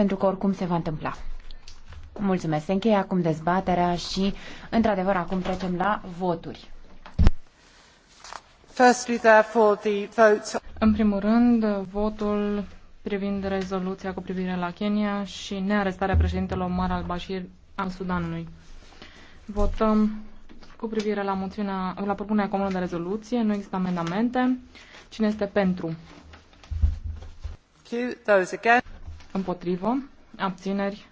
pentru că oricum se va întâmpla. Mulțumesc. Se încheie acum dezbaterea și, într-adevăr, acum trecem la voturi. Firstly, therefore, the În primul rând, votul privind rezoluția cu privire la Kenya și nearestarea președintelui Omar al-Bashir al Sudanului. Votăm cu privire la, moțiunea, la propunerea comună de rezoluție. Nu există amendamente. Cine este pentru? Those Împotrivă. Abțineri.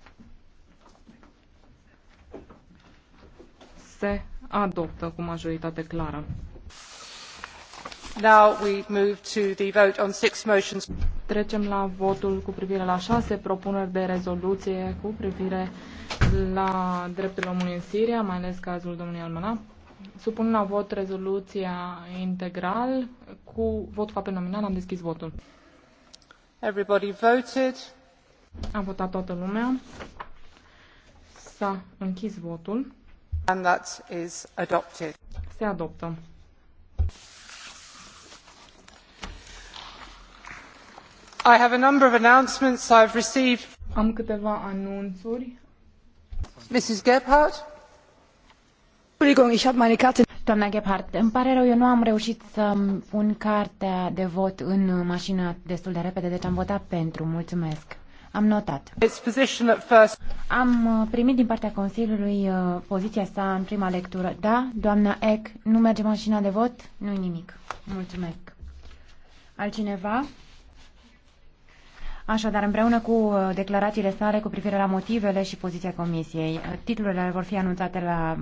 Se adoptă cu majoritate clară. Now we move to the vote on six motions. Trecem la votul cu privire la șase propuneri de rezoluție cu privire la drepturile omului în Siria, mai ales cazul domnului Almana. Supun la vot rezoluția integral cu vot cu nominal. Am deschis votul. Everybody voted. A votat toată lumea. S-a închis votul. And that is adopted. Se adoptă. I have a number of announcements I've received. Am câteva anunțuri. Mrs. Gebhardt? Entschuldigung, ich habe meine Karte Doamna Gebhardt, îmi pare rău, eu nu am reușit să pun cartea de vot în mașină destul de repede, deci am votat pentru. Mulțumesc. Am notat. Am uh, primit din partea Consiliului uh, poziția sa în prima lectură. Da, doamna Eck, nu merge mașina de vot? nu nimic. Mulțumesc. Altcineva? Așadar, împreună cu uh, declarațiile sale cu privire la motivele și poziția Comisiei, titlurile vor fi anunțate la